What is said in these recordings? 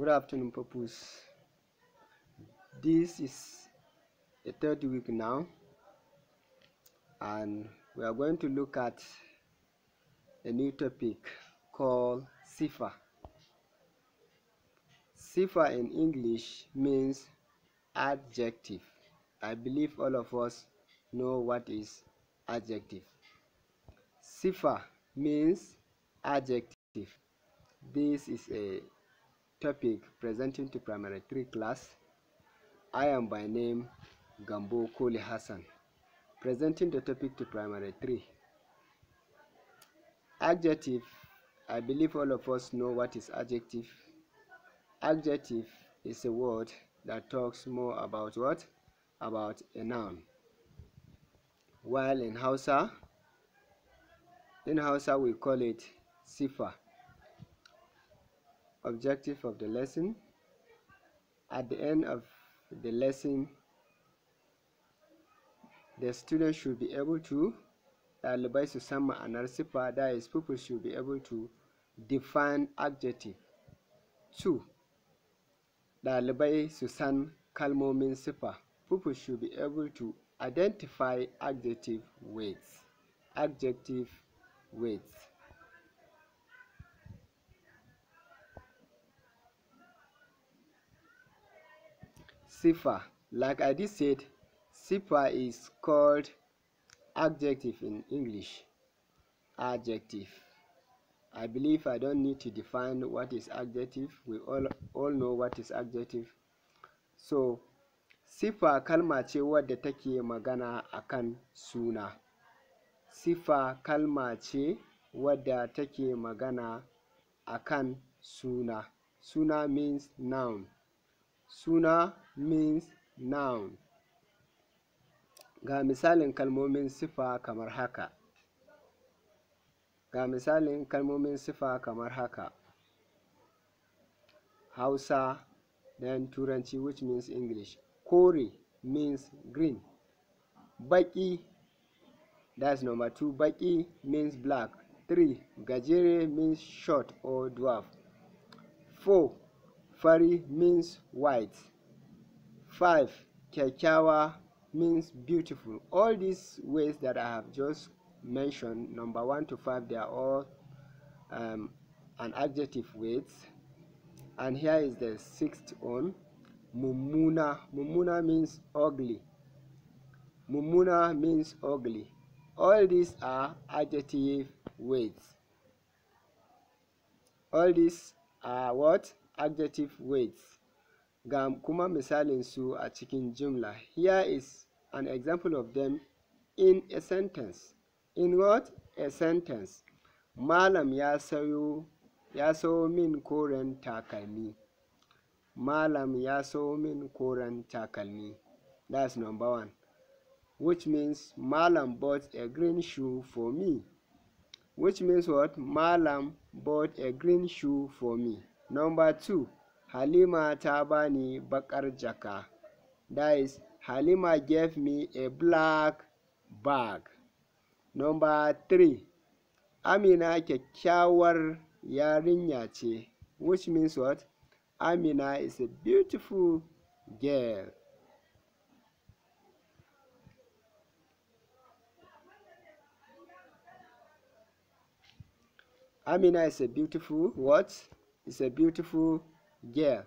Good afternoon, purpose. This is the third week now, and we are going to look at a new topic called Sifa. Sifa in English means adjective. I believe all of us know what is adjective. Sifa means adjective. This is a topic presenting to primary 3 class. I am by name Gambo Koli Hassan. Presenting the topic to primary 3. Adjective. I believe all of us know what is adjective. Adjective is a word that talks more about what? About a noun. While in Hausa, in Hausa we call it sifa. objective of the lesson at the end of the lesson the student should be able to Dalibai su san ma'anar siffa that is people should be able to define adjective two Dalibai su san kalmomin siffa people should be able to identify adjective words adjective words sifa. Like I just said, sifa is called adjective in English. Adjective. I believe I don't need to define what is adjective. We all, all know what is adjective. So, sifa kalma ce wadda take magana akan suna. Sifa kalma ce wadda take magana akan suna. Suna means noun. Suna means noun. Ga misalin kalmomin sifa kamar haka. Ga misalin kalmomin sifa kamar haka. Hausa, then Turanci which means English. Kore means green. Baki, that's number two. Baki means black. Three, gajere means short or dwarf. Four, Fari means white. 5. Kyakkyawa means beautiful. All these ways that I have just mentioned, number 1 to 5, they are all um, an adjective weights. And here is the sixth one, Mumuna. Mumuna means ugly. Mumuna means ugly. All these are adjective weights. All these are what? adjective weights ga kuma misalin su a cikin jumla here is an example of them in a sentence in what a sentence malam ya sayo ya sayo min koren takalmi malam ya sayo min koren takalmi that's number one which means malam bought a green shoe for me which means what malam bought a green shoe for me Number two, Halima ta bani baƙar jaka. That is, Halima gave me a black bag. Number three, Amina kyakkyawar yarinya ce, which means what? Amina is a beautiful girl. Amina is a beautiful what? is a beautiful girl.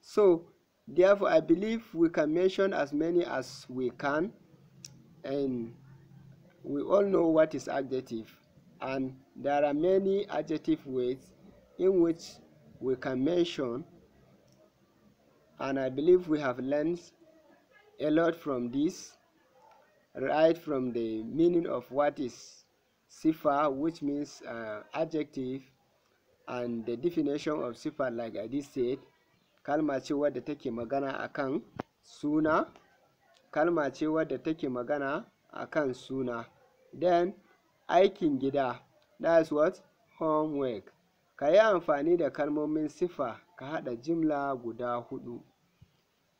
So therefore I believe we can mention as many as we can and we all know what is adjective and there are many adjective ways in which we can mention and I believe we have learned a lot from this right from the meaning of what is sifa which means uh, adjective and the definition of sifa like I just said kalma ce wadda take magana akan suna kalma ce wadda take magana akan suna then aikin gida that's what homework ka yi amfani da kalmomin sifa ka haɗa jimla guda huɗu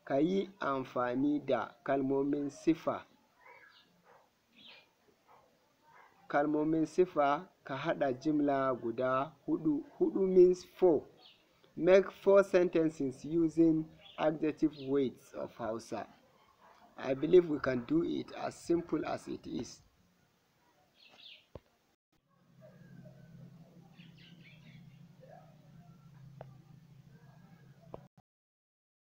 ka yi amfani da kalmomin sifa kalmomin sifa ka haɗa jimla guda huɗu. Huɗu means four. Make four sentences using adjective weights of Hausa. I believe we can do it as simple as it is.